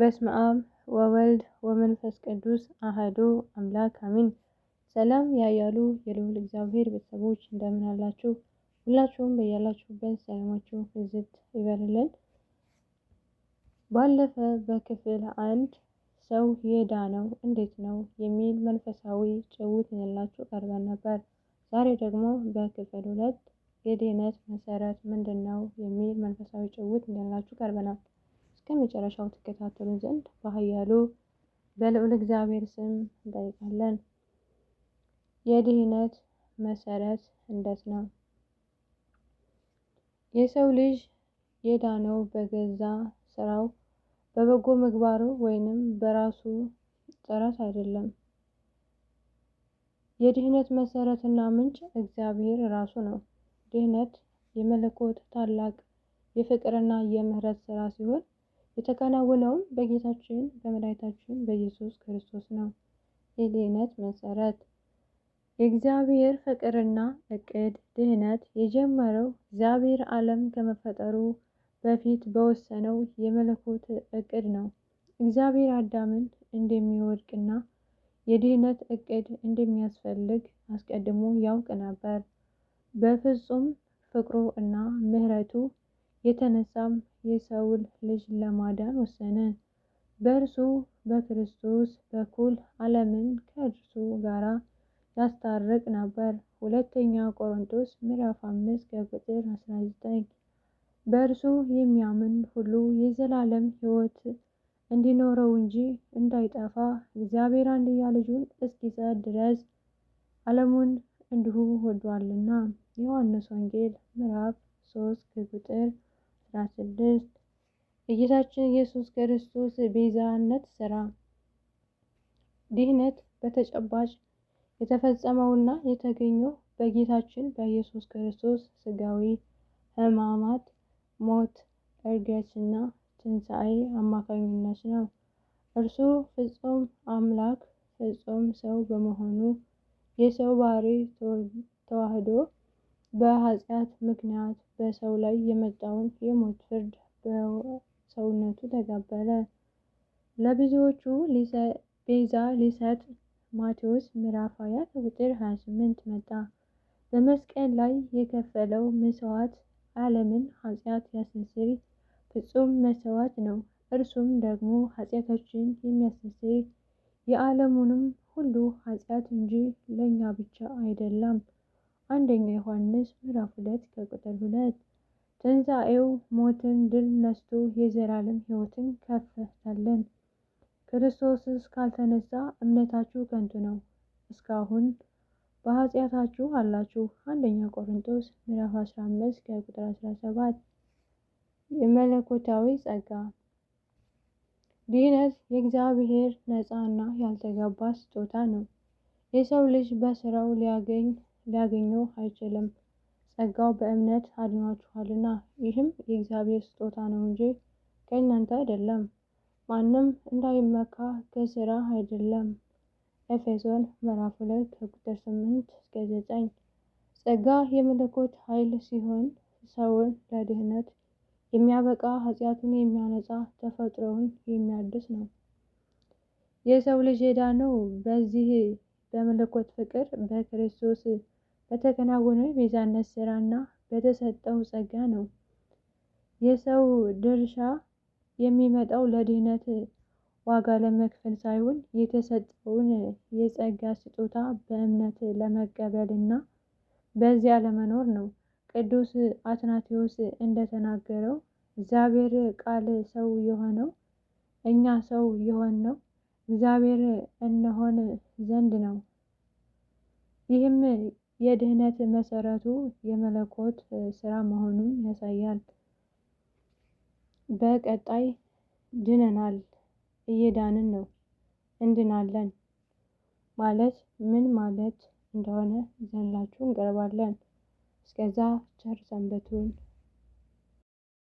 በስመ አብ ወወልድ ወመንፈስ ቅዱስ አህዶ አምላክ አሚን። ሰላም ያያሉ የልዑል እግዚአብሔር ቤተሰቦች እንደምን አላችሁ? ሁላችሁም በያላችሁበት ሰላማችሁ ብዝት ይበልልን። ባለፈ በክፍል አንድ ሰው ነው እንዴት ነው የሚል መንፈሳዊ ጭውት ይዘንላችሁ ቀርበን ነበር። ዛሬ ደግሞ በክፍል ሁለት የድኅነት መሰረት ምንድን ነው የሚል መንፈሳዊ ጭውት ይዘንላችሁ ቀርበናል። እስከ መጨረሻው ትከታተሉ ዘንድ በኃያሉ በልዑል እግዚአብሔር ስም እንጠይቃለን። የድህነት መሰረት እንዴት ነው? የሰው ልጅ የዳነው በገዛ ስራው በበጎ ምግባሩ ወይንም በራሱ ጥረት አይደለም። የድህነት መሰረትና ምንጭ እግዚአብሔር ራሱ ነው። ድህነት የመለኮት ታላቅ የፍቅርና የምህረት ስራ ሲሆን የተከናወነውም በጌታችን በመድኃኒታችን በኢየሱስ ክርስቶስ ነው። የድህነት መሰረት የእግዚአብሔር ፍቅርና እቅድ ድህነት የጀመረው እግዚአብሔር ዓለም ከመፈጠሩ በፊት በወሰነው የመለኮት እቅድ ነው። እግዚአብሔር አዳምን እንደሚወድቅና የድህነት እቅድ እንደሚያስፈልግ አስቀድሞ ያውቅ ነበር። በፍጹም ፍቅሩ እና ምሕረቱ የተነሳም የሰውን ልጅ ለማዳን ወሰነ። በእርሱ በክርስቶስ በኩል ዓለምን ከእርሱ ጋራ ያስታርቅ ነበር። ሁለተኛ ቆሮንቶስ ምዕራፍ አምስት ከቁጥር 19 በእርሱ የሚያምን ሁሉ የዘላለም ሕይወት እንዲኖረው እንጂ እንዳይጠፋ እግዚአብሔር አንድያ ልጁን እስኪሰጥ ድረስ ዓለሙን እንዲሁ ወዷልና። ዮሐንስ ወንጌል ምዕራፍ 3 ከቁጥር ስድስት የጌታችን ኢየሱስ ክርስቶስ ቤዛነት ስራ ድህነት በተጨባጭ የተፈጸመውና የተገኘው በጌታችን በኢየሱስ ክርስቶስ ስጋዊ ሕማማት፣ ሞት፣ እርገትና ትንሣኤ አማካኝነት ነው። እርሱ ፍጹም አምላክ ፍጹም ሰው በመሆኑ የሰው ባህሪ ተዋህዶ በኃጢአት ምክንያት በሰው ላይ የመጣውን የሞት ፍርድ በሰውነቱ ተቀበለ። ለብዙዎቹ ቤዛ ሊሰጥ ማቴዎስ ምዕራፍ 20 ቁጥር 28 መጣ። በመስቀል ላይ የከፈለው መስዋዕት ዓለምን ኃጢአት ያስተሰርይ ፍጹም መስዋዕት ነው። እርሱም ደግሞ ኃጢአታችን የሚያስተሰርይ የዓለሙንም ሁሉ ኃጢአት እንጂ ለእኛ ብቻ አይደለም። አንደኛ ዮሐንስ ምዕራፍ ሁለት ከቁጥር ሁለት ትንሣኤው ሞትን ድል ነስቶ የዘላለም ሕይወትን ከፈታልን። ክርስቶስ እስካልተነሳ እምነታችሁ ከንቱ ነው፣ እስካሁን በኃጢአታችሁ አላችሁ። አንደኛ ቆሮንቶስ ምዕራፍ 15 ከቁጥር 17። የመለኮታዊ ጸጋ ድህነት የእግዚአብሔር ነፃ እና ያልተገባ ስጦታ ነው። የሰው ልጅ በስራው ሊያገኝ ሊያገኘው አይችልም። ጸጋው በእምነት አድኗችኋልና ይህም የእግዚአብሔር ስጦታ ነው እንጂ ከእናንተ አይደለም፣ ማንም እንዳይመካ ከስራ አይደለም። ኤፌሶን ምዕራፍ 2 ከቁጥር 8 እስከ 9 ጸጋ የመለኮት ኃይል ሲሆን ሰውን ለድህነት የሚያበቃ ኃጢአቱን የሚያነጻ ተፈጥሮውን የሚያድስ ነው። የሰው ልጅ የዳነው በዚህ በመለኮት ፍቅር በክርስቶስ በተከናወነው የቤዛነት ስራና በተሰጠው ጸጋ ነው። የሰው ድርሻ የሚመጣው ለድህነት ዋጋ ለመክፈል ሳይሆን የተሰጠውን የጸጋ ስጦታ በእምነት ለመቀበል እና በዚያ ለመኖር ነው። ቅዱስ አትናቴዎስ እንደተናገረው እግዚአብሔር ቃል ሰው የሆነው እኛ ሰው የሆን ነው እግዚአብሔር እንሆን ዘንድ ነው። ይህም የድህነት መሰረቱ የመለኮት ስራ መሆኑን ያሳያል። በቀጣይ ድነናል፣ እየዳንን ነው፣ እንድናለን ማለት ምን ማለት እንደሆነ ይዘንላችሁ እንቀርባለን። እስከዛ ቸር ሰንበቱን።